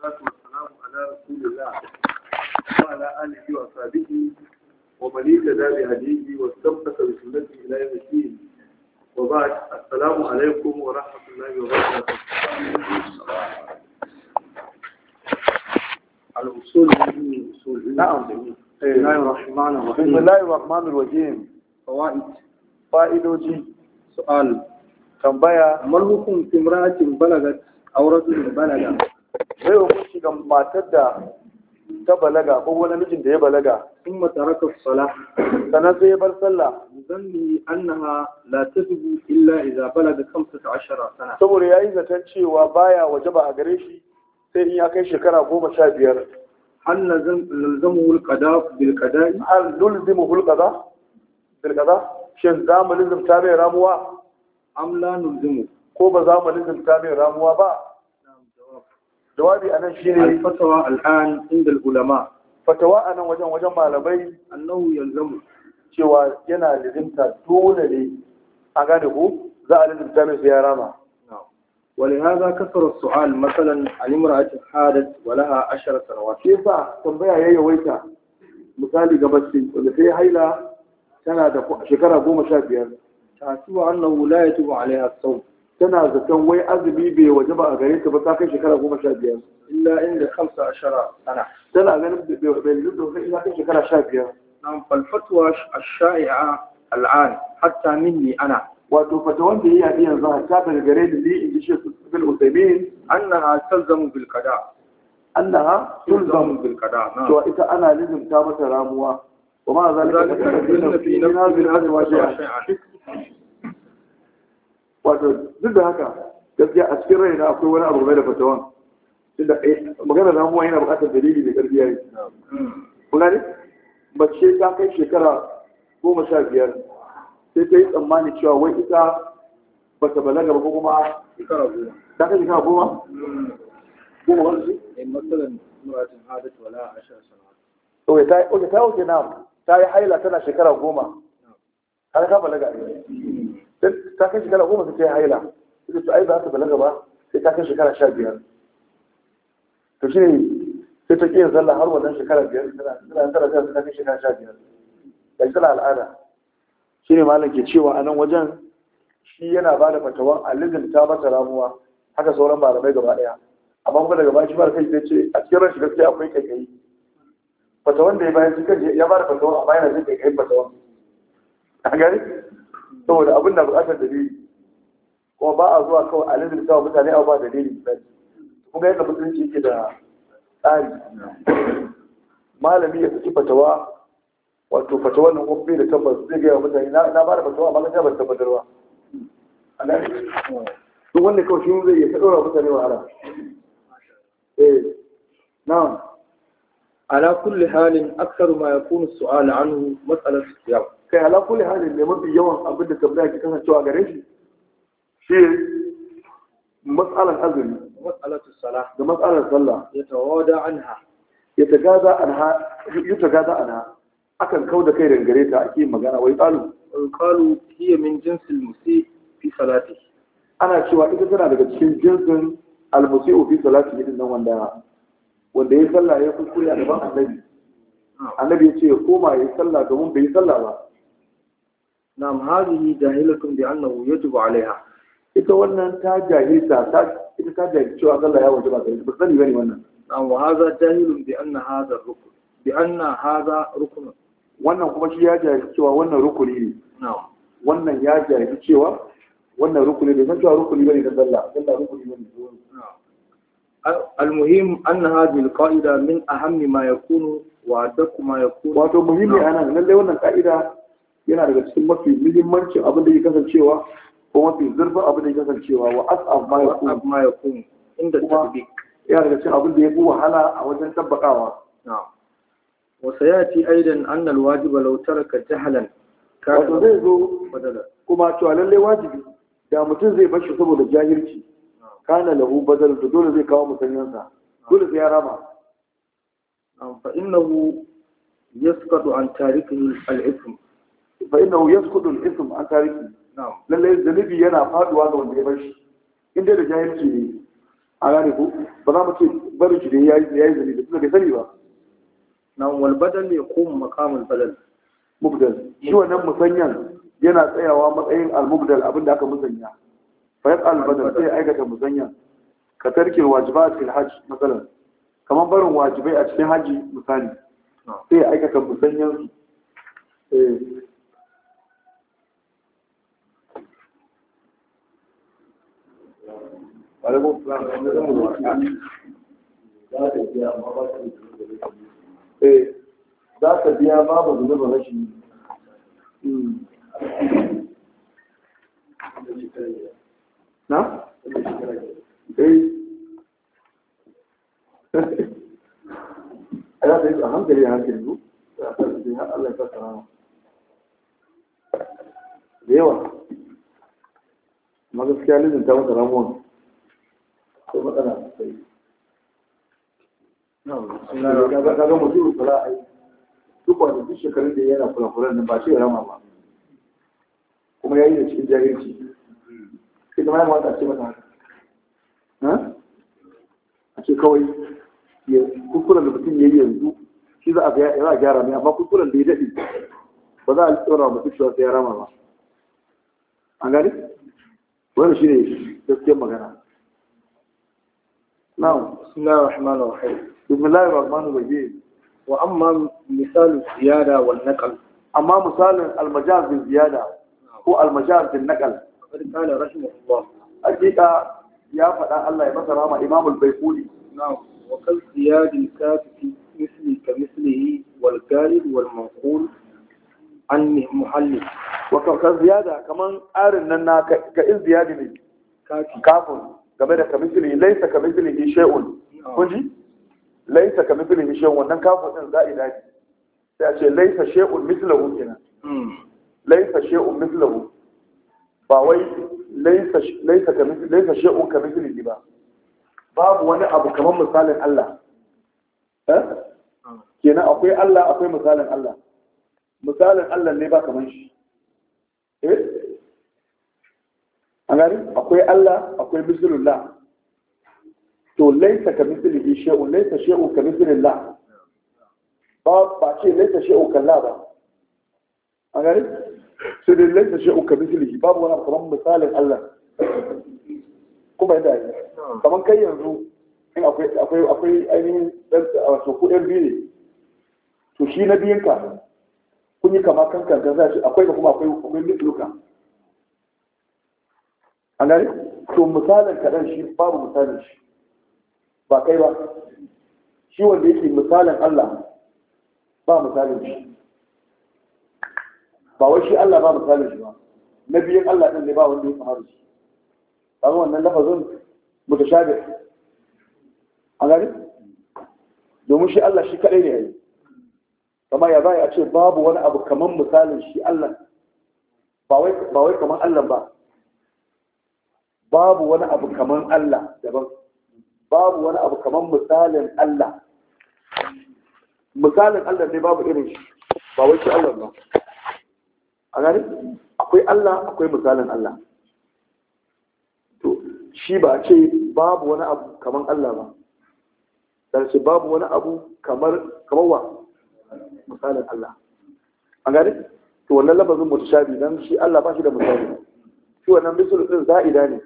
salatu wa salamu ala rasulillah wa ala alihi wa sahbihi wa man ihtada bi hadihi wa istabqa bi sunnati ila yawm al-din wa ba'd assalamu alaykum wa rahmatullahi wa barakatuh al-usul min usul na'am بسم الله الرحمن الرحيم فوائد فائدة سؤال كم بايا ما الوكم في امرأة بلغت أو رجل sai hukunci ga matar da ta balaga ko wani mijin da ya balaga sun mataraka sala sannan sai ya bar sallah zanni annaha la tazubu illa idza balaga 15 sana saboda yayi zaton cewa baya wajaba a gare shi sai in ya kai shekara goma sha biyar hal nalzamuhu zama bil qada'i hal shin za mu ta mai ramuwa Amla la nalzamu ko ba za mu ta mai ramuwa ba jawabi anan shine al-fatawa al'an inda ulama fatawa anan wajen wajen malamai annahu yalzamu cewa yana lazimta dole ne a gane ku za a lazimta mai ya rama ولهذا كثر السؤال مثلا عن امرأة حادت ولها عشر سنوات كيف تنبيه يا يويتا مثالي قبل ولا في هيلا سنة شكرا بوما شابيا تحسب أنه لا يتوب عليها الصوم tana zaton wai azumi bai waje ba a gare ta ba ta kai shekara goma sha biyar illa inda kamsa ashara ana tana ganin bai lullu kai illa kai shekara sha biyar nan fatwa ash-sha'i'a al'an hatta minni ana wato fata wanda yayi yi yanzu hatta daga gare da ni in ji shi bil usaimin annaha talzamu bil qada annaha talzamu bil qada to ita ana lizumta mata ramuwa وما ذلك في نفسي من هذه الأزواج شيئا wato duk da haka gaskiya a cikin raina akwai wani abu mai da fatawan tunda eh, magana na muwa yana buƙatar dalili mai ƙarfi yayi kuna ne mace ta kai shekara goma sha biyar sai ta yi tsammani cewa wai ita ba ta balaga ba ko kuma ta kai shekara goma goma wani shi? Eh, matsalan muratin hadatu wala a sha sana'a. ta yi haila tana shekara goma. Har ka balaga ne. ta kai shekara goma su ta haila ita to ai ba ta balaga ba sai ta kai shekara sha biyar to shi ne sai ta ƙi zalla har wannan shekara biyar tana tana tana ta kai shekara sha biyar da tana al'ada shi ne malam ke cewa a nan wajen shi yana ba da fatawan lizin ta mata ramuwa haka sauran malamai gaba ɗaya amma kuma daga baki mara kai sai ce a cikin rashin gaske akwai kaikayi fatawan da ya bayar shi kan ya ba da fatawan amma yana jin kaikayin fatawan a gari saboda abin da bukatar dalili kuma ba a zuwa kawai a lalata wa mutane abu ba dalili misali kun ga yadda mutunci yake da tsari malami ya fi fatawa wato fatawa nan kofi da tabbas zai gaya mutane na ba da fatawa ba ka ban tabbatarwa duk wanda kawai shi zai iya ta mutane wahala eh na'am ala kulli halin aksaru ma yakunu su'al anhu su siyam kai ala kulli halin ne mafi yawan abin da tambaya ke kasancewa gare shi shi mas'alar azumi mas'alatu salah da mas'alar sallah ya tawada anha ya tagaza anha ya tagaza anha akan kau da kai dangare ta ake magana wai qalu qalu hiya min jinsil musi fi salati ana cewa ita tana daga cikin jinsin almusi fi salati din nan wanda wanda ya sallah ya kuskure a gaban annabi ah. annabi ya ce ya koma ya sallah domin bai sallah ba nam hadhihi jahilatun bi annahu yajibu alaiha ita wannan ta jahilta cewa Allah ya wajaba gare ta ba sani bane wannan nam wa hadha jahilun bi anna hadha rukun bi wannan kuma shi ya jahilci cewa wannan rukuni wannan ya jahilci cewa wannan rukuni ne san cewa rukuni bane da المهم أن هذه القاعدة من أهم ما يكون وأدق ما يكون. وأتو مهم أنا لله وأن القاعدة yana daga cikin mafi muhimmancin abin da ya kasancewa ko mafi zurfin abin da ya kasancewa wa as'ab ma ya kun inda tabbiq yana daga cikin abin da ya fi wahala a wajen tabbakawa wa sayati aidan anna alwajib law taraka jahlan wato zai zo kuma cewa lallai wajibi da mutum zai bashi saboda jahilci kana lahu badal to dole zai kawo musanyansa dole sai ya rama fa innahu yasqatu an tarikihi al-ithm fa innahu yasqutu al an tariki lalle zanibi yana faduwa ga wanda ya bar shi inda da jahilci ne a gane ko ba za mu ce bari shi ne yayi yayi zanibi tunda bai sani ba nan wal badal yaqum maqamul badal mubdal shi wannan musanyan yana tsayawa matsayin al-mubdal abinda aka musanya fa yaqal badal sai aikata musanyan ka tarkin wajibat fil hajj masalan kamar barin wajibai a cikin haji misali sai aikata musanyan Eh, za ka biya babu ba, rashin ta hmm. eh a ya ta yi a hankali a hankali ku a Allah ya fasa rama da yawa amma gaskiya lizinta masa ramuwan da ya ba kuma ya yi da cikin jahilci sai ma mayan mawata ce mata haka a ce kawai ya kukulan da mutum ya yi yanzu shi za a gyara ne amma kukulan da ya daɗi ba za a tsora wa mutum cewa sai ya rama ba an gani wani shi ne gaskiyar magana نعم بسم الله الرحمن الرحيم بسم الله الرحمن الرحيم وأما مثال الزيادة والنقل أما مثال المجاز بالزيادة هو المجاز بالنقل فقد قال رحمه الله حقيقة يا فتى الله يبصر أما إمام البيقولي نعم وكل زياد الكاتب مثل كمثله والقالب والمنقول عن محلل وكل زيادة كمان أرنا كإز زيادة كافر game da laisa laysa kamithlihi she'un. kun ji laysa kamithlihi she'un, wannan kafin din za'i dadi sai a ce laysa shay'un mithluhu kenan hmm. Laisa she'un mislahu. ba wai laisa laysa kamithlihi laysa shay'un kamithlihi ba babu wani abu kamar misalin Allah eh? hmm. kenan akwai Allah akwai misalin Allah misalin Allah ne ba kamar shi an gari akwai Allah akwai mislullah to laisa ka mislihi ishe'u laisa she'u ka mislillah ba ba ce laisa kan la ba an gari sai dai laisa she'u ka mislihi babu wani kamar misalin Allah kuma yadda yi kamar kai yanzu in akwai ainihin ɗan ainihin wato ku ɗan biyu ne to shi na biyun ka kun yi kama kankan kan shi akwai da kuma akwai akwai an gane to misalin kaɗan shi babu misalin shi ba kai ba shi wanda yake misalin Allah ba misalin shi ba wai shi Allah ba misalin shi ba na biyan Allah ɗin ne ba wanda ya kamar shi kamar wannan lafazin mutashabi an gane domin shi Allah shi kaɗai ne ya yi. kama ya za a ce babu wani abu kamar misalin shi Allah ba wai kamar Allah ba babu wani abu kaman Allah daban babu wani abu kaman misalin Allah misalin Allah ne babu irin shi ba wai shi Allah ba a gani akwai Allah akwai misalin Allah to shi ba ce babu wani abu kaman Allah ba dan shi babu wani abu kamar kamar wa misalin Allah a gani to wannan labarin mutashabi dan shi Allah ba shi da misali shi wannan misalin din za'ida ne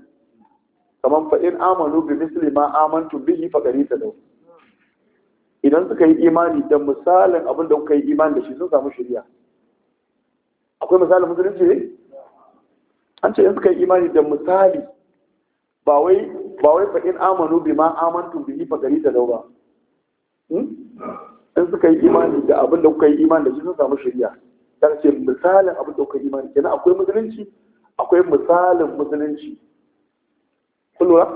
kaman fa in amanu bi misli ma amantu bihi fa ta dau, idan suka yi imani da misalin abin da kuka yi imani da shi sun samu shari'a akwai misalin musulunci ne an ce in suka yi imani da misali ba wai ba wai fa in amanu bi ma amantu bihi fa ta dau ba hmm? in suka yi imani da abin da kuka yi imani da shi sun samu shari'a ta ce misalin abin da kuka yi imani kenan akwai musulunci akwai misalin musulunci kun lura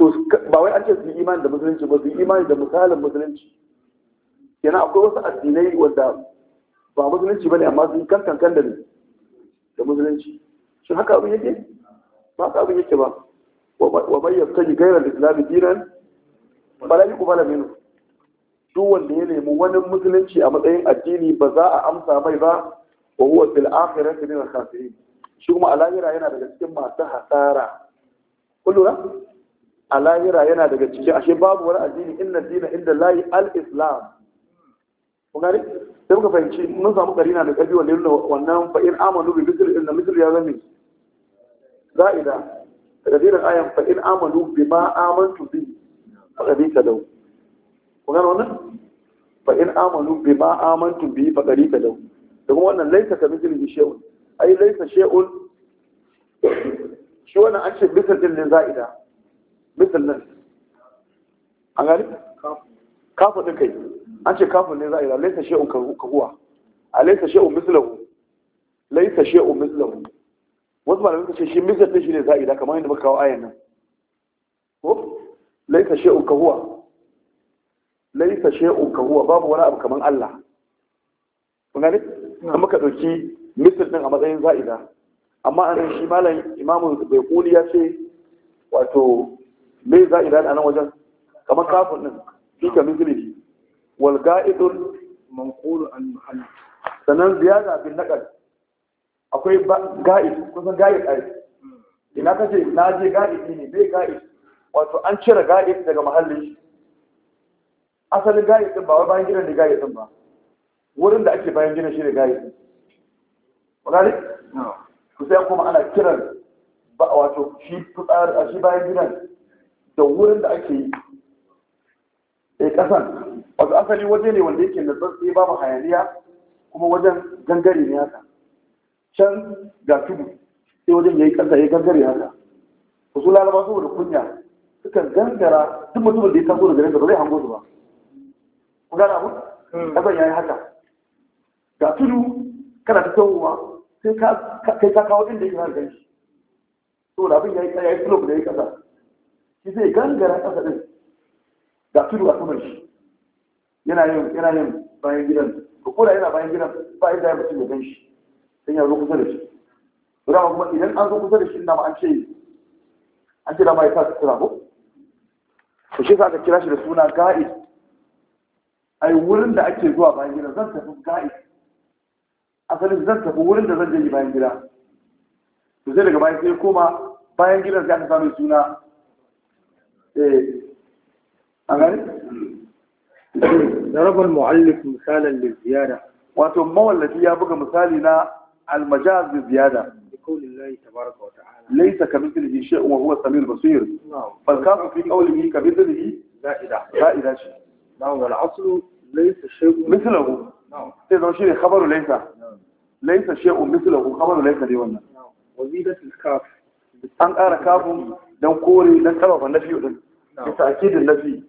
to ba wai an ce su yi imani da musulunci ba su yi imani da misalin musulunci yana akwai wasu addinai wanda ba musulunci ba ne amma sun kan kankan da ne da musulunci shi haka abin yake ba haka abin yake ba wa bayyana ta yi gairar islami dinan ba la yi kubala minu duk wanda ya nemi wani musulunci a matsayin addini ba za a amsa mai ba wa huwa fil akhirati min al-khasirin shi kuma a lahira yana daga cikin masu hasara kullura a lahira yana daga cikin ashe babu wani addini inna dina inda layi al-islam kun gani sai muka fahimci mun samu na da kabi wanda yana wannan fa in amanu bi misl inna misl ya zame za'ida daga dinin ayan fa in amanu bi ma amantu bi ka tadaw kun gani wannan fa in amanu bi ma amantu bi ka dau da kuma wannan laisa ka mislihi shay'un ai laisa shay'un shi wani an ce misal din ne za'ida misal nan A gani kafa ɗin kai an ce kafa ne za'ida laisa shay'un ka huwa a laisa shay'un mislahu laisa shay'un mislahu wasu malamai suka ce shi misal shi ne za'ida kamar yadda muka kawo ayan nan ko laisa shay'un ka huwa laisa shay'un ka huwa babu wani abu kamar Allah kun gani an muka ɗauki misal ɗin a matsayin za'ida amma nan shi malam imamu bai kuli ya ce wato me za a nan wajen kamar kafin nan, fi ka mizlihi wal ga'idun manqulu an muhalli sannan ziyara bin nakal akwai ga'id kusan ga'id ai hmm. ina kace na je ga'id ne bai ga'id wato an cire ga'id daga muhallin shi asalin ga'id din ba wai bayan gidan ne ga'id din ba wurin da ake bayan gidan shi ne ga'id din to sai kuma ana kiran wato shi fitsar a shi bayan gidan da wurin da ake yi a eh, kasan wato asali waje ne wanda yake sai babu hayaniya kuma wajen gangare ne haka can ga tudu sai wajen yi kasa ya gangare haka wasu lalaba saboda kunya sukan gangara duk mutumin da ya taso da nan ba zai hango su ba ku gana mu hmm. kasan yi haka ga tudu kana ta tawowa sai ka kawo inda yake harkar shi to da abin ya yi tsaye club da ya yi kasa shi zai gangara kasa din da tudu a saman shi yana yin yana yin bayan gidan ko kura yana bayan gidan ba inda ya mutum ya gan shi sai ya zo kusa da shi to dama kuma idan an zo kusa da shi dama an ce an ce dama ya sa sutura ko to shi sa ka kira shi da suna ga'id ai wurin da ake zuwa bayan gidan zan tafi ga'id asalin zan tafi wurin da zan je bayan gida to sai daga bayan sai koma bayan gidan sai aka samu suna eh an gani ضرب المؤلف مثالا للزيادة wato mawallafi ya buga misali na almajaz bi ziyada laysa kamithlihi shay'un wa huwa samir basir bal kafu fi qawlihi kamithlihi za'ida za'ida shi na'am wal aslu laysa shay'un mithluhu na'am sai zama shine khabaru laysa laisa shay'un mithluhu kamaru laisa dai wannan wazidatul kaf an ƙara kafin dan kore dan karfafa nafi din bisa akidin nafi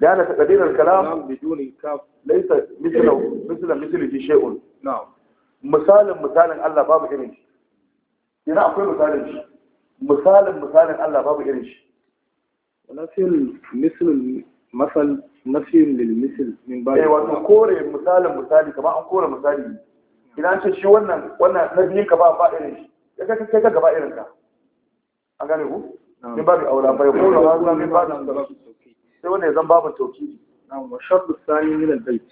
da ana taqdirar kalam biduni kaf laisa mithluhu mithla mithlihi shay'un na'am misalin misalin Allah babu irin shi yana akwai misalin shi misalin misalin Allah babu irin shi nafiyul mislul masal nafiyul lil misl min ba eh wato kore misalin misali kamar an kore misali Ina ce shi wannan wannan na biyun ka ba ba irin shi ya kai kai ka gaba irin ka an gane ku min babu aula bai ko da wannan min babu sai wannan ya zan babu tauki na'am wa shartu thani min al-bayt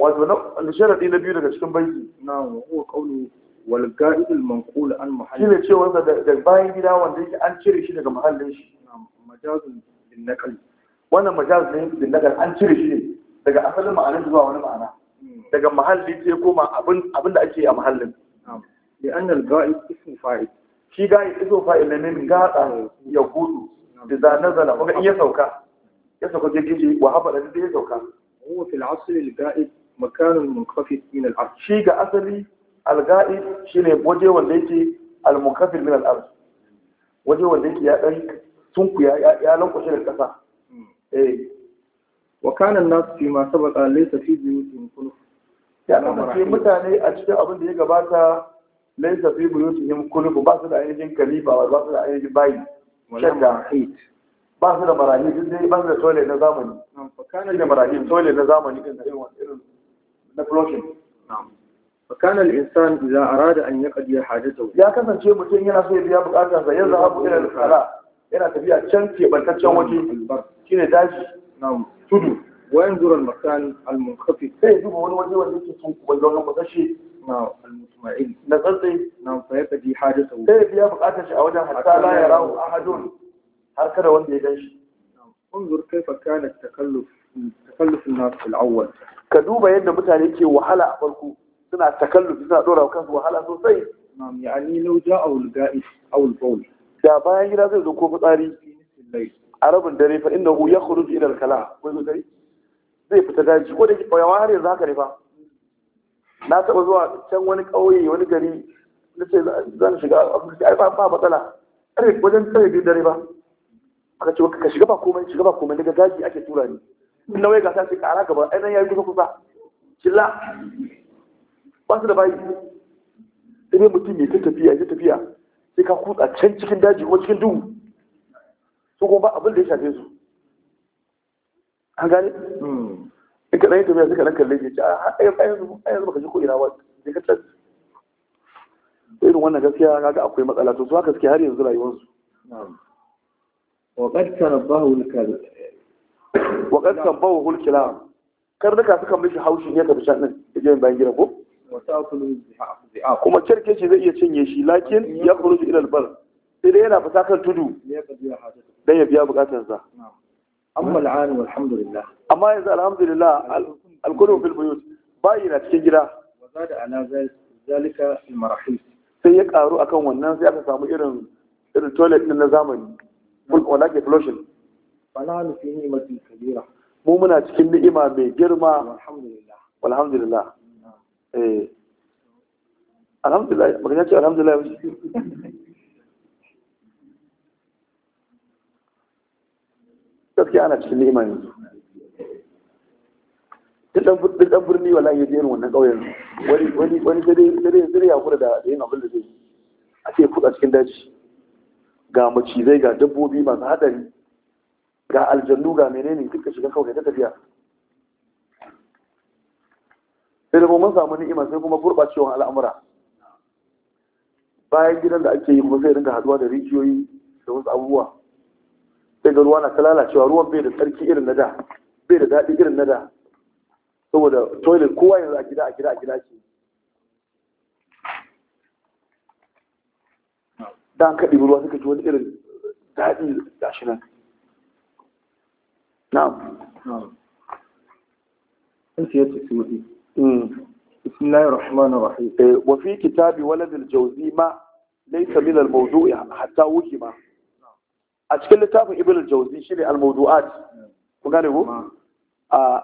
wato na sharadi na biyu daga cikin baiti na'am huwa qawlu wal ga'id al-manqul an mahalli shine ce wanda da bayan gida wanda yake an cire shi daga mahallin shi na'am majazun bin naqal wannan majaz ne bin naqal an cire shi daga asalin ma'anar zuwa wani ma'ana daga mahalli sai koma abin da ake a mahallin da an al-ga'id ismu fa'il shi ga'id ismu fa'il ne min gaɗa ya gudu da zana kuma in ya sauka ya sauka jirgin shi, wa haɓa da ya sauka huwa fil asl al-ga'id makanun munqafid min al-ard shi ga asali al-ga'id shine waje wanda yake al-munqafid min al-ard waje wanda yake ya ɗan sunku ya ya lankwashe da kasa hmm. eh fi الناس فيما سبق fi biyu بيوتهم خلق ya ce mutane a cikin abin da ya gabata buyo su yin kulubun ba su da ainihin kalifa ba su da ainihin bayi shadda ba su da marahi duk dai ba su da tole na zamani shi da marahi tole na zamani irin na flushing فكان الانسان اذا اراد ان يقضي حاجته يا كسان شيء mutum yana so ya biya bukatar sa yanzu abu ila al yana tafiya can ke bantaccen waje shine daji na'am tudu وينظر المكان المنخفض سيجيب هو الوجه والذي يكون ويقول لهم متشي نعم المطمئن نزلتي نعم فيقضي حاجته سيجي يفقاتش أولا حتى لا يراه أحد هكذا وانت يجيش انظر كيف كان التكلف تكلف الناس في الأول كدوبة يد متعني كي وحلا أفركو سنة التكلف سنة دورة وكان وحلا سوسي نعم يعني لو جاء أو الجائش أو البول da bayan gida zai zo ko fitsari a rabin dare fa innahu yakhruju ila al-kala ko zai zai fita daji ko da ke ƙauyawa har yanzu haka ne fa na taɓa zuwa can wani ƙauye wani gari na ce zan shiga a ai ba matsala ƙarfe wajen tsaye biyu dare ba aka ce ka shiga ba komai shiga ba komai daga daji ake tura ni in na waya gasa ce ƙara gaba ai nan yayi kusa kusa killa ba su da bayi sai dai mutum ya ta tafiya ya tafiya sai ka kutsa can cikin daji ko cikin duhu su kuma ba abin da ya shafe su an hmm. in ka ɗan yi tafiya suka ɗan kalle shi ah, a yanzu baka ji ko ina ba ka tas irin wannan gaskiya kaga akwai matsala to su haka suke har yanzu rayuwarsu وقد ترباه الكلب وقد ترباه الكلاب karnuka suka mishi haushin ya tafi shan ɗin bayan gida ko kuma kirke shi zai iya cinye shi lakin ya kuru shi ilal bar sai dai yana fasa tudu don ya biya bukatarsa amma al'an amma yanzu alhamdulillah alkulu fil buyut bayi na cikin gida wa da ala zalika al sai ya karu akan wannan sai aka samu irin irin toilet din na zamani wala ke flushing fi kabira mu muna cikin ni'ima mai girma alhamdulillah eh alhamdulillah magana ce alhamdulillah gaskiya ana cikin ni'ima duk dan birni wala ya jerin wannan ƙauyen wani wani wani dare dare ya kula da yin abin da zai a ce kuɗa cikin daji ga macizai ga dabbobi masu hadari ga aljannu ga menene duka shiga kawai ta tafiya sai da mun samu ni'ima sai kuma gurbacewan al'amura bayan gidan da ake yi kuma sai rinka haduwa da rijiyoyi da wasu abubuwa sai ga ruwa na ta lalacewa ruwan bai da tsarki irin na da bai da daɗi irin na da saboda toilet kowa yanzu a gida a gida a gida ke da an kaɗi ruwa suka ji wani irin daɗi da shi nan na'am بسم الله na الرحيم وفي كتاب ولد الجوزي ما ليس من الموضوع a cikin littafin ibn al-jawzi shine al-mawdu'at ku gane ko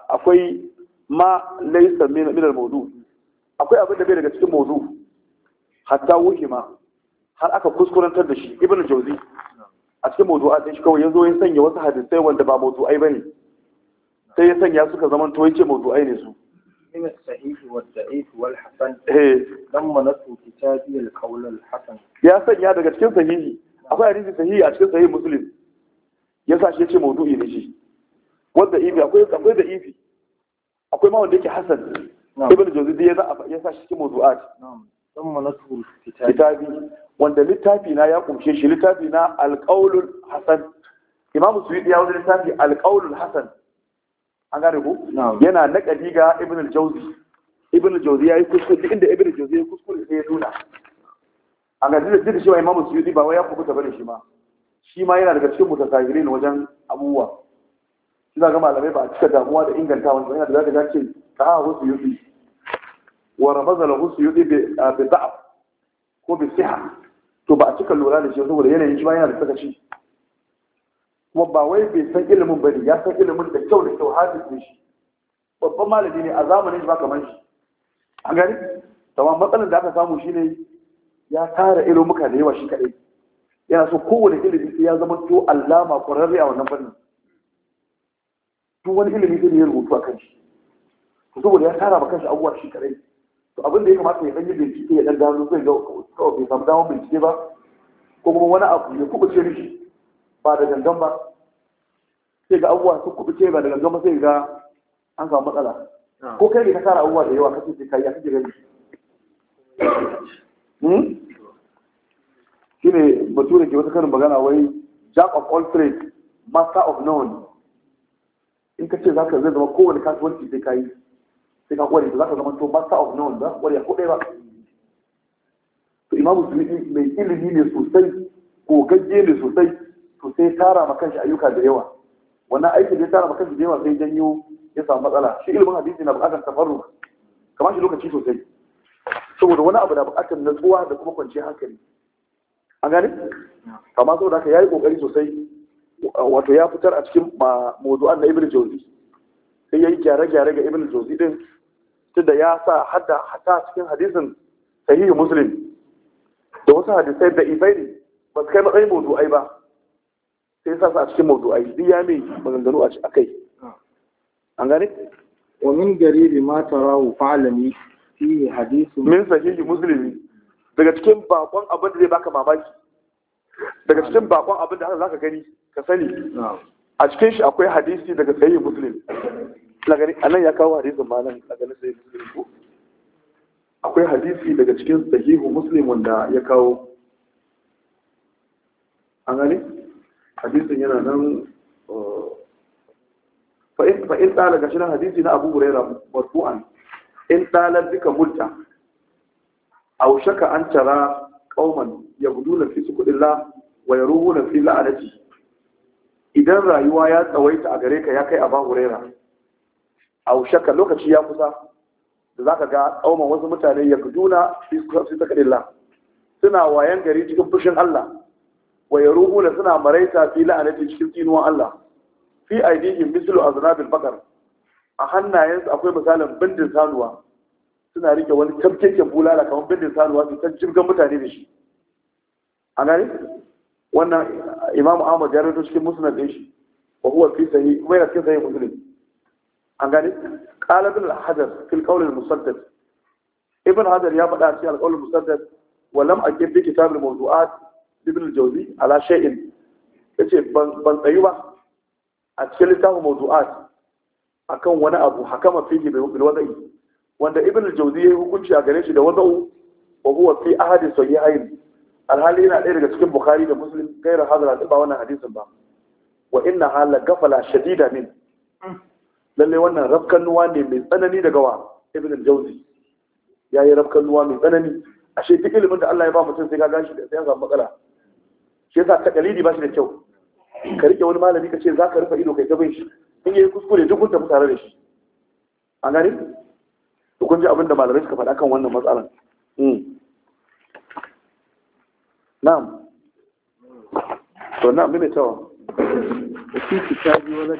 akwai ma laysa min al-mawdu akwai abin da bai daga cikin mawdu hatta wuhima har aka kuskurantar da shi ibn al-jawzi a cikin mawdu'at din shi kawai yazo ya sanya wasu hadisai wanda ba mawdu'ai bane sai ya sanya suka zaman to yace mawdu'ai ne su من الصحيح والضعيف والحسن ضمنته qawl al-hasan ya sanya daga cikin sahihi akwai hadisi sahihi a cikin sahihi muslim ya sa shi ya ce maudu'i ne shi wanda ibi akwai akwai da ibi akwai ma wanda yake hasan ibn jawzi ya ya sa shi cikin mawdu'at dan manatu kitabi wanda littafi na ya kumshe shi littafi na alqaulul hasan imamu suyuti ya wani littafi alqaulul hasan an gane ku yana nakadi ga ibn al-jawzi ibn al-jawzi yayi kuskure duk inda ibn al-jawzi yayi kuskure sai ya nuna a ga duk da cewa imamu suyuti ba wai ya kubuta bane shi ma shi ma yana daga cikin mutasahirin wajen abubuwa shi za ga malamai ba a cika damuwa da inganta wani yana da zaka ga ce ka ha hu suyuti wa rafaza lahu suyuti bi da'af ko bi siha to ba a cika lura da shi saboda yanayin shi ma yana da sakaci kuma ba wai bai san ilimin bane ya san ilimin da kyau da kyau hadis ne shi babban malami ne a zamanin shi ba kamar shi a gani tamam matsalar da aka samu shine ya tara ilimuka da yawa shi kadai yana so kowane ilimi sai ya zama to allama ƙwararre a wannan fannin tun wani ilimi zai yi rubutu a kan shi to saboda ya tara ba kanshi abubuwa shi kadai to abin da ya kamata ya dan yi bincike ya ɗan gano zai ga kawai bai samu damar bincike ba ko kuma wani abu ya kubuce mishi ba da gangan ba sai ga abubuwa sun kubuce ba da gangan ba sai ga an samu matsala ko kai ne ka tara abubuwa da yawa kace sai kai ya kace gani Hmm? shi ne bature ke wata karin magana wai jack of all trades master of none in ka ce za ka zai zama kowane kasuwanci sai ka yi sai ka kware za ka zama to master of none za ka kware ko ɗaya ba to imamu suyuti mai ilimi ne sosai ko gogagge ne sosai to sai tara ma kanshi ayyuka da yawa wannan aikin da ya tara ma kanshi da yawa sai janyo ya samu matsala shi ilimin hadisi na bukatar tafarnu? kamar shi lokaci sosai saboda wani abu na buƙatar natsuwa da kuma kwanci hankali an gane amma saboda haka yayi kokari sosai wato ya fitar a cikin mawdu'an na Ibn jozi sai ya yi gyare-gyare ga Ibn jozi din tunda ya sa hadda hata cikin hadisin sahihi Muslim da wasu hadisai da ibai ba su kai matsayin mawdu'ai ba sai sa su a cikin mawdu'ai duk ya mai maganganu a kai an gane Wani min garibi ma tarahu fa'alami min sahihi musulmi daga cikin bakon abin da zai baka mamaki daga cikin bakon abin da za ka gani ka sani a cikin shi akwai hadisi daga sahihi muslim a nan ya kawo hadisin ma nan a ganin sahihi muslim ko akwai hadisi daga cikin sahihi muslim wanda ya kawo an gani hadisin yana nan eh, fa'in tsara ga shi na hadisi na abu huraira marfu'an in ɗalar duka multa a wushaka an tara ƙaunar ya gudu na fi sukuɗilla wa ya ruhu na fi la'adaci idan rayuwa ya tsawaita a gare ka ya kai a ba hurera a wushaka lokaci ya kusa da za ka ga ƙaunar wasu mutane ya gudu na fi sukuɗilla suna wayan gari cikin fushin Allah wa ya ruhu na suna maraita fi la'adaci cikin tinuwan Allah fi aidihin mislu aznabil bakar a hannayensu akwai misalin bindin sanuwa suna rike wani tafkeken bulala kamar bindin sanuwa su san jirgin mutane da shi a gani wannan imamu ahmad ya rito cikin musulun ɗin shi wa huwa fi sahi kuma yana cikin sahi musulun an gani qala al-hajar fil qawl musaddad ibn hajar ya faɗa cikin al-qawl al-musaddad wa lam aqib bi kitabin al-mawdu'at ibn al-jawzi ala Ya ce ban tsayu ba a cikin littafin mawdu'at akan wani abu hakama fihi bil wada'i wanda ibnu al-jawzi yayi hukunci a gare shi da wada'u wa huwa fi ahadi sahihayn alhali yana ɗaya daga cikin bukhari da muslim gaira hadra da ba wannan hadisin ba wa inna hala gafala shadida min lalle wannan rafkanuwa ne mai tsanani daga wa ibnu al-jawzi yayi rafkanuwa mai tsanani ashe duk ilimin da Allah ya ba mutum sai ka gashi da sai ya samu matsala shi yasa takalidi ba shi da kyau ka rike wani malami ka ce za ka rufe ido kai gaban shi in yi kuskure duk kun tafi tare da shi an gani to kun ji abin da malamai suka faɗa kan wannan matsalan hmm. na'am to na'am mai tawa wala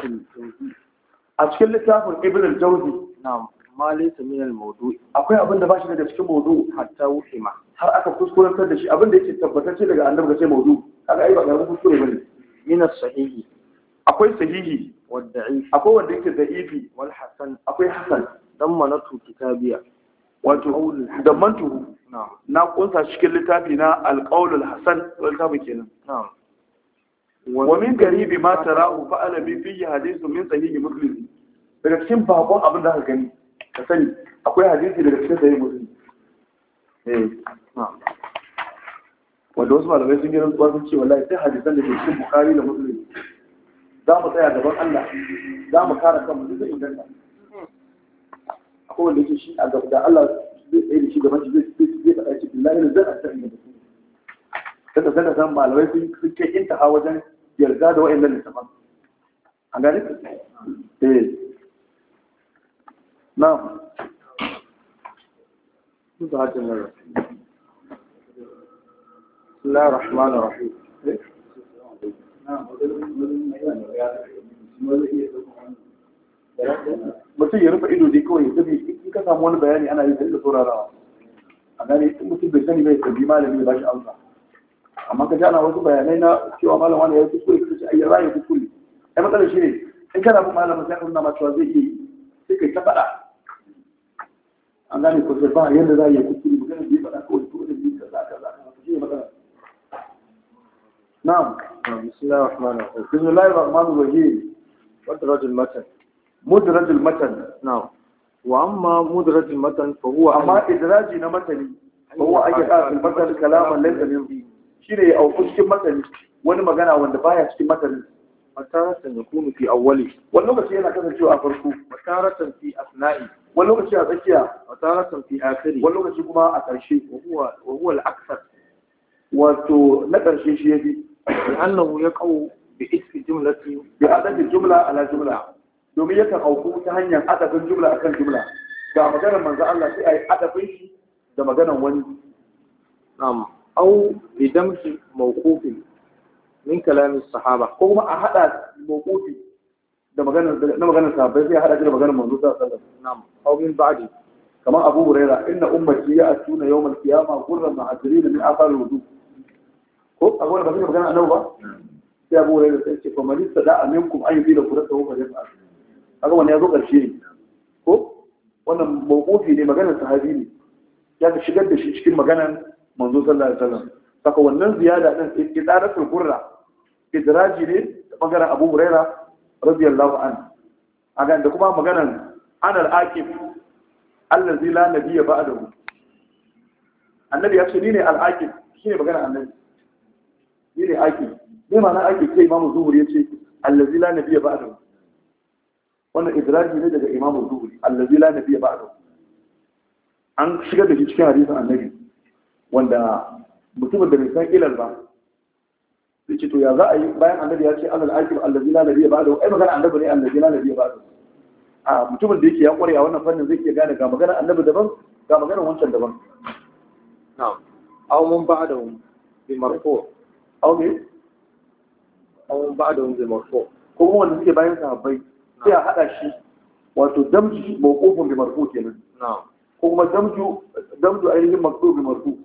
a cikin littafin ibn al-jawzi na'am ma laysa min al-mawdu' akwai abin da shi daga cikin mawdu' hatta ma har aka kuskurantar da shi abin da yake tabbatacce daga annabi ga sai mawdu' kaga ai ba ga kuskure bane min as-sahihi akwai sahihi والضعيف أكو وديك ضعيفي والحسن أكو حسن ضمنته كتابية wato damantu na kunsa cikin littafi na alƙaulul hasan littafin kenan wa min garibi ma tarahu fa alabi fi hadithu min sahihi daga cikin bakon abin da aka gani sani akwai hadisi daga cikin muslim eh, wanda wasu malamai sun yi rantsuwa sun ce sai hadisan da ke cikin bukhari da muslim za mu tsaya gaban Allah za mu kare kanmu duk zai inganta akwai wanda yake shi a gaba da Allah zai tsaye da shi gaban shi zai faɗa shi billahi ne zai asar inganta su kada zaka san malamai sun sun ke intaha wajen yarda da wa'annan littafan an gane eh na'am بسم الله الرحمن الرحيم mutum ya rufe ido dai kawai ya in ka samu wani bayani ana yi da saurarawa a gane in mutum bai sani bai tabi malami ba shi amsa amma ka ji ana wasu bayanai na cewa malam wani ya yi kuskure ka ce ayyar ra'ayi kuskure ai matsalar shi ne in kana bin malamin sai ka nuna ma cewa zai iya yi sai kai ta faɗa an gane ko sai ba yadda za a yi kuskure magana bai faɗa kawai ko da bi kaza kaza shi ne magana na'am بسم الله الرحمن الرحيم بسم الله الرحمن الرحيم مدرج المتن نعم وأما مدرج المتن فهو أما إدراجي نمتني فهو المتن كلاما ليس شيء wani magana wanda baya cikin matarin mataratan ya fi awwali wani lokaci yana kasancewa a farko mataratan fi asna'i wani lokaci a tsakiya mataratan fi akhiri wani lokaci kuma a ƙarshe wa huwa al-aksar wato na ƙarshe shi yafi لأنه يقع باسم جملة بعدد الجملة على جملة domin yakan auku ta hanyar adadin jumla akan jumla ga maganar manzo Allah sai ayi adadin shi da maganar wani na'am au idan shi mawqufi min kalamin sahaba ko kuma a hada mawqufi da maganar na maganar sahabbai sai a hada da maganar manzo sallallahu alaihi wasallam na'am au min kamar Abu Hurairah inna ummati ya'tuna yawm al-qiyamah qurran ma'ajirin min athar ko a gwada ba suka magana nan ba sai abu wani da ce kuma lissa da aminkum an yi da ku rasa hukar yin asu a ga wani ya zo ƙarshe ne ko wannan mawuƙofi ne maganar sahabi ne ya ka shigar da shi cikin maganar manzo sallallahu alaihi wasallam saka wannan ziyada din idaratul qurra idraji ne ta bangaren Abu Huraira radiyallahu anhu a ga da kuma maganar anal aqib allazi la nabiyya ba'dahu annabi ya ce ni ne al aqib shine maganar annabi shi ne ake ne ma na ake kai imamu zuhuri ya ce allazi la nabiya ba'da wannan idraji ne daga imamu zuhuri allazi la nabiya ba'da an shigar da shi cikin hadisin annabi wanda mutumin da bai san ilal ba sai ce to ya za a yi bayan annabi ya ce alal akil allazi la nabiya ba'da ai magana annabi ne allazi la nabiya ba'da a mutumin da yake ya kware a wannan fannin zai iya gane ga magana annabi daban ga magana wancan daban na'am aw mun ba'da bi marfu' aume an ba da wanzu marfo ko kuma wanda suke bayan sahabbai sai a haɗa shi wato damji mawqufun bi marfu kenan ko kuma damju damju ainihin marfu bi marfu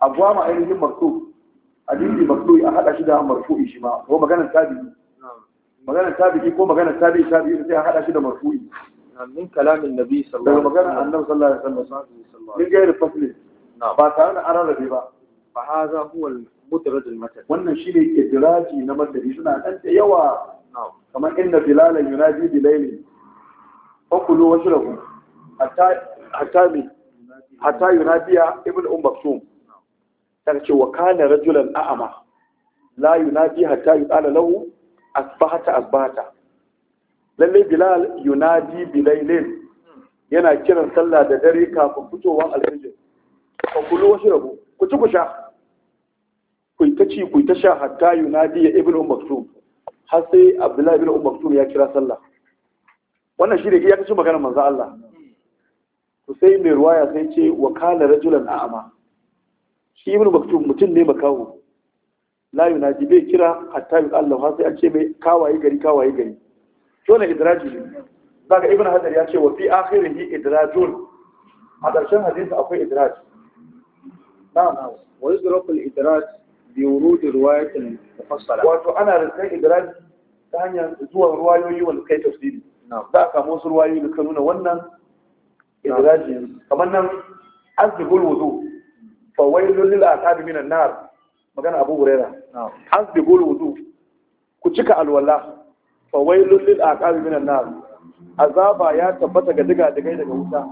agwama ainihin marfu hadisi marfu a haɗa shi da marfu shi ma ko maganar tabi'i maganar tabi'i ko maganar tabi'i tabi'i sai a haɗa shi da marfu min kalamin nabi sallallahu alaihi wasallam min gairi fasli ba tare da an rarrabe ba fa hadha huwa mudraj al-matan wannan shine idraji na madari suna dan da yawa kamar inna bilal yunadi bi layli fakulu washrabu hatta hatta bi hatta yunadiya ibn um maktum sai ce wa kana rajulan a'ama la yunadi hatta yuqala lahu asbahata asbahata lalle bilal yunadi bi laylin hmm. yana kiran sallah da dare kafin fitowar alfijir fakulu washrabu ku ci ku sha kuita ci kuita sha hatta yunadi ya ibnu umm maktum har sai abdullahi ibnu umm maktum ya kira sallah wannan shi ne ya kace maganar manzo Allah to sai mai ruwaya sai ce wa kana rajulan a'ama shi ibnu umm maktum mutum ne makaho la yunadi bai kira hatta yu Allah har sai an ce mai kawaye gari kawaye gari na idraji daga ibnu hadar ya ce wa fi akhirihi idrajul a ƙarshen hadisi akwai idraji na'am wa yudraku al-idraj بورود رواية مفصلة واتو أنا رسائي إدراج تانيا زوى رواية كي تفسيري نعم ذاك موس رواية لكنون ونن إدراج كمان أذب الوضوء فويل للأصحاب من النار مكان أبو هريرة نعم أذب الوضوء كتشك الولا فويل للأصحاب من النار يا azaba دقا دقا دقا دقا دقا daga wuta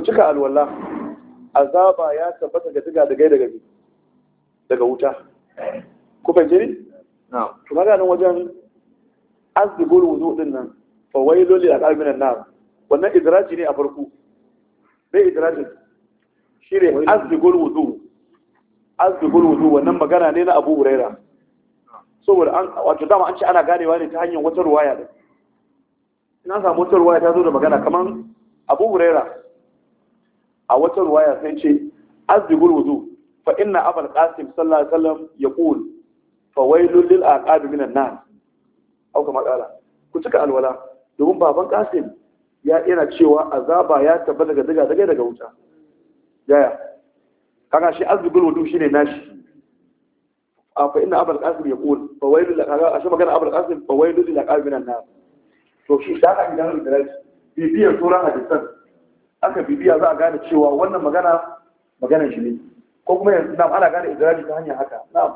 ku cika alwala azaba ya tabbata ga daga daga daga daga wuta ku fahimci ni na'am to kaga nan wajen azbul wudu din nan fa wailu lil aqalmin an-nar wannan idraji ne a farko bai idraji shi ne azbul wudu azbul wudu wannan magana ne na Abu Huraira saboda an wato dama an ce ana ganewa ne ta hanyar wata ruwaya din ina samu wata ruwaya ta zo da magana kaman Abu Huraira a wata ruwaya sai ce azbigul wudu fa inna abul qasim sallallahu alaihi wasallam yaqul fa wailul lil aqab minan nar au kama kala ku cika alwala domin baban qasim ya ina cewa azaba ya tabba daga daga daga daga wuta yaya kaga shi azbigul wudu shine nashi fa inna abul qasim yaqul fa wailul lil aqab ashe magana abul qasim fa wailul lil aqab minan nar to shi da ka gidan da bibiyar turan hadisan aka bibiya za a gane cewa wannan magana maganar shi ne ko kuma yanzu na ana gane idraji ta hanyar haka na'am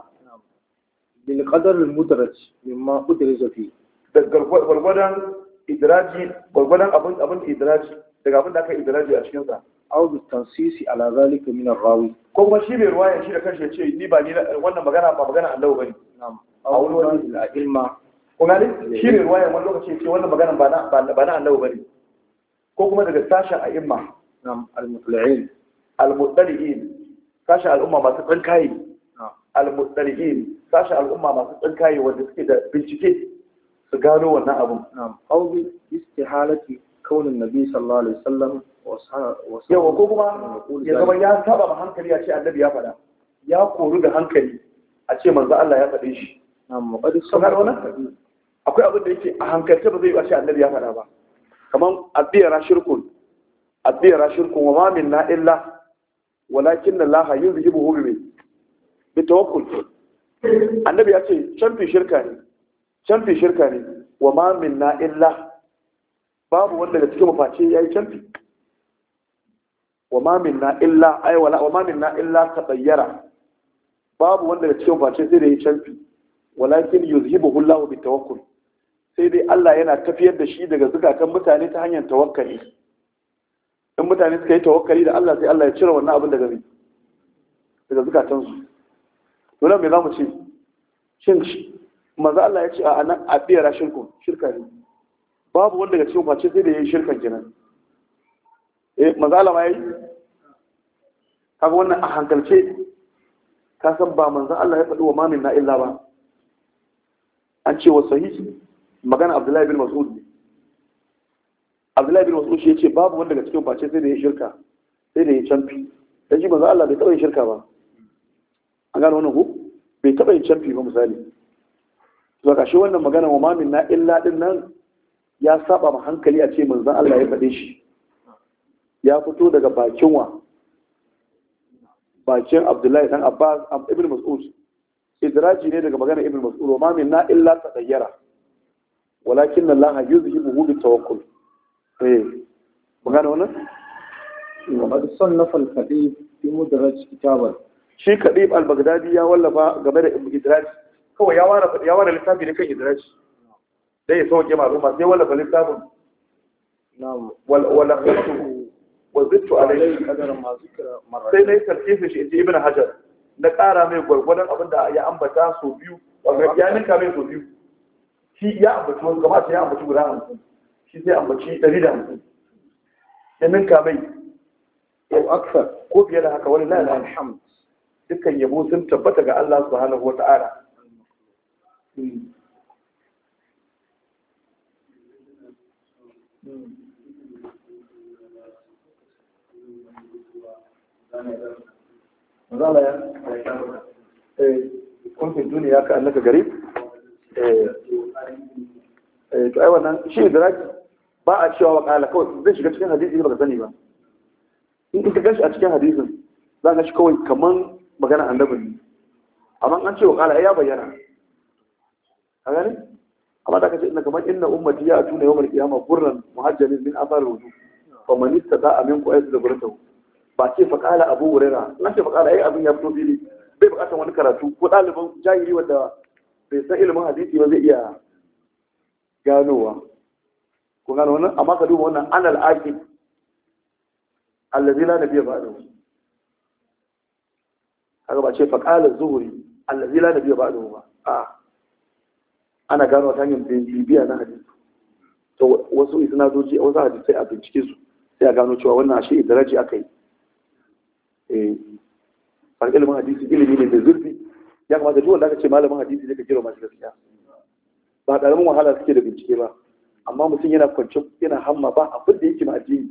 bil qadar al mudraj mimma udrija fi da gwargwadon idraji gwargwadon abin abin idraji daga abin da aka idraji a cikin sa aw bi tansisi ala zalika min ar rawi ko kuma shi bai ruwaya shi da kanshi ya ce ni ba ni wannan magana ba magana Allah bane na'am aw wani ilma ko gani shi bai ruwaya wani lokaci ya ce wannan magana ba na ba na Allah bane ko kuma daga sashen a'imma al-mutla'in al-mutla'in sashen al'umma masu tsankaye al-mutla'in sashen al'umma masu tsankaye wanda suke da bincike su gano wannan abun qawli istihalati kaunin nabi sallallahu alaihi wasallam yawa ko kuma ya zama ya saba ma hankali ya ce annabi ya faɗa ya koru da hankali a ce manzo Allah ya faɗe shi akwai abin da yake a hankalce ba zai yi a ce annabi ya faɗa ba kaman abiyara shirkun abiyara shirkun wa ma minna illa walakin da laha Allah yuzhibuhu bi bi tawakkul annabi ya ce canfi shirka ne canfi shirka ne wa ma minna illa babu wanda daga cikin mafaci yi canfi wa ma minna illa ay wala wa ma minna illa tatayyara babu wanda daga cikin mafaci sai da yi canfi walakin yuzhibuhu Allah bi tawakkul sai dai Allah yana tafiyar da shi daga zukatan mutane ta hanyar tawakkali in mutane suka yi tawakkali da Allah sai Allah ya cire wannan abin daga daga zukatan su dole me zamu ce shin manzo Allah ya ce a nan a biyara shirku shirka ne babu wanda daga cikin face sai da yayin shirkan kenan eh manzo Allah ma yayi kaga wannan a hankalce ka san ba manzo Allah ya faɗi wa mamin na illa ba an ce wa sahihi magana abdullahi bin mas'ud ne abdullahi bin mas'ud shi ya ce babu wanda daga cikin face sai da ya shirka sai da ya canfi dan shi maza Allah bai taɓa yin shirka ba an gano wannan ku, bai taɓa yin canfi ba misali to ka shi wannan magana wa mamin na illa din nan ya saba ma hankali a ce manzon Allah ya faɗe shi ya fito daga bakin wa bakin Abdullahi dan Abbas ibn Mas'ud idraji ne daga magana ibn Mas'ud wa mamin na illa tadayyara walakin Allah yuzhibuhu bi tawakkul eh mun gane wannan وقد صنف الخطيب في مدرج كتابا shi kadib al-baghdadi ya wallafa game da idraj kawai ya ware ya ware littafi ne kan idraj dai ya sauke maluma sai wallafa littafin na'am wal walaqatu wa zittu alayhi qadaran ma zikra marra sai dai tarkifi shi ibn hajar na ƙara mai gwargwadon da ya ambata so biyu wato ya ninka mai so biyu shi ya ambaci wasu kamata ya ambaci guda hamsin shi sai ambaci ɗari da hamsin da ninka mai ko aksa ko fiye da haka wani lalata alhamd dukkan yabo sun tabbata ga Allah subhanahu wa ta'ala Zalaya, kun fi duniya ka annaka garib? Eh, eh to ai wannan shi ba a cewa wakala kawai zai shiga cikin hadisi ba ka sani ba in ka gashi a cikin hadisin za ka shi kawai kaman magana annabi ne amma an ce wakala ya bayyana a gani amma da ka ce kamar inna ummati ya tuna yawmal qiyamah burran muhajjalin min athar wudu fa man istata aminku ayatu zabratahu ba ce faƙala abu wurera na ce faƙala ya abin ya fito fili bai buƙatar wani karatu ko ɗaliban jahiri wanda bai san ilimin hadisi ba zai iya ganowa kun gano wannan amma ka duba wannan an al'aki allazi la nabiyya ba'dahu haka ba ce faqala zuhri allazi la nabiyya ba'dahu ba a ana gano ta hanyar bibiya na hadisi to wasu isnadoji wasu hadisai a bincike su sai a gano cewa wannan ashe idraji akai eh far ilimin hadisi ilimi ne da zurfi ya kamata duk wanda aka ce malamin hadisi zai ka girma masu gaskiya ba ƙaramin wahala suke da bincike ba amma mutum yana kwance yana hamma ba abin da yake ma addini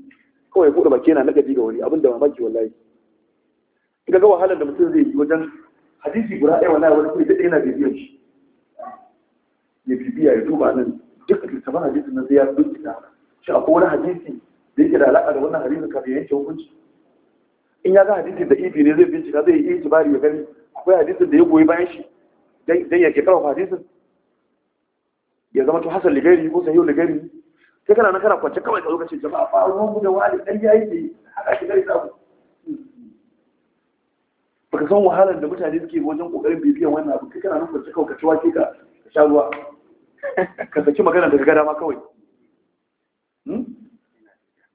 kawai buɗe baki yana nagabi ga wani abin da mamaki wallahi kika ga wahalar da mutum zai yi wajen hadisi guda ɗaya wallahi wani kuma da yana bibiyar shi ya bibiya ya duba nan duk littafin hadisi nan zai ya bincika shi akwai wani hadisi da yake da alaƙa da wannan hadisin kafin yanke hukunci in ya ga hadisi da ibi ne zai bincika zai yi ijibari ya gani akwai hadisin da ya goyi bayan shi dan yake ke kawo hadisin ya zama to hasan ligari ko sahihu ligari sai kana na kana kwance kawai ka lokacin jama'a Ba fa ruwan gudu wani dan yayi ne haka shi gari samu baka san wahalar da mutane suke wajen kokarin bibiyar wannan abu kai kana nan kwance kawai ka ci wake ka sha ruwa ka saki magana daga gada ma kawai hmm?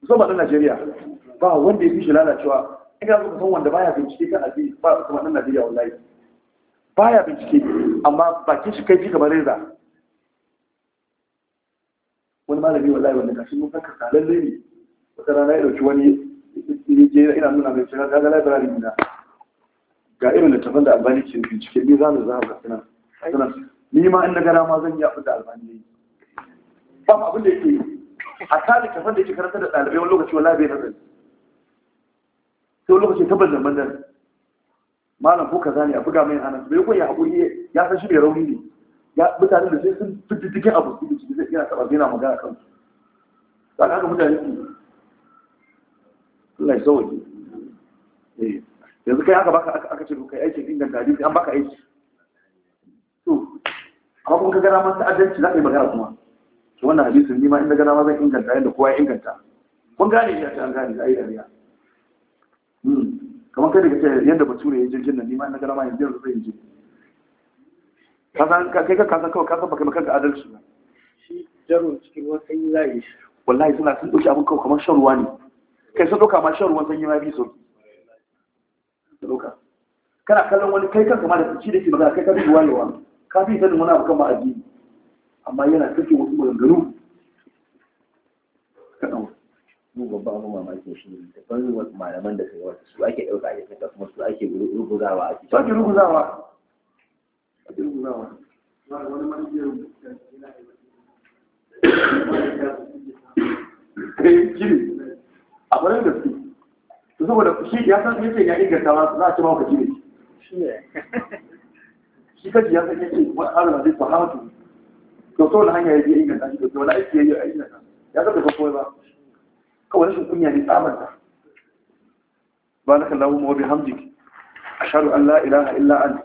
musamman ɗan Najeriya ba wanda ya fi shi lalacewa ina so ka san wanda baya bincike kan addini ba su kamar Najeriya wallahi baya bincike amma bakin shi kai ji kamar reza wani malami wallahi wanda kashi mun kanka salalle ne wata rana ya dauki wani je ina nuna mai cewa ga library na ga irin littafin da albani ke bincike ni za mu za mu ka sanar sanar ni ma in na gara ma zan yi abin da albani ne ba abin da yake yi a kali kafan da yake karanta da ɗalibai wani lokaci wallahi bai nazari sai wani lokacin tabbas da bandan malam ko kaza ne a buga mai hannun bai kun ya haƙuri ya san shi mai rauni ne ya mutane da sai sun cikin abu su ciki zai yana taɓa yana magana kan su za ka haka mutane su Allah ya sauwaje eh, yanzu kai aka baka aka ce kai aikin inganta hadisi an baka aiki to amma kuma ka gara ma ta'addanci za ka yi magana kuma to wannan hadisin ni ma inda gara ma zan inganta yadda kowa ya inganta kun gane ya ta an gane da ayi da kamar kai daga ce yadda bature ya jirgin nan nima na gana ma yanzu yanzu zai yi jirgin kai ka kasan kawai kasan baka maka ga adalci ba shi jarun cikin ruwan sanyi za yi wallahi suna sun ɗauki abin kawai kamar shan ruwa ne kai sun ɗauka ma shan ruwan sanyi ma bi sauki ɗauka kana kallon wani kai kanka ma da shi da ke magana kai ka bi wayewa ka bi sanin wani abu kan ma'aji amma yana kake wasu maganganu mu babban abin mamakin shi ne tafan wasu malaman da kai wata su ake ɗauka a kanta kuma su ake ruguzawa a Su ake ruguzawa ake ruguzawa wani manajiyar kiri a ɓarin gaske Su saboda shi ya san su yace ya inganta ba za a ci maka kiri shi kaji ya san yace wani azama zai kwahamatu to so na hanya ya je inganta shi to wani aiki ya yi a inganta ya zaba ba kawai ba kawai sun kunya ne amurka ba na kallon umar bin hamdi a sharu allah ilaha illa an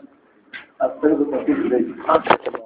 a tsarkakar fi ilai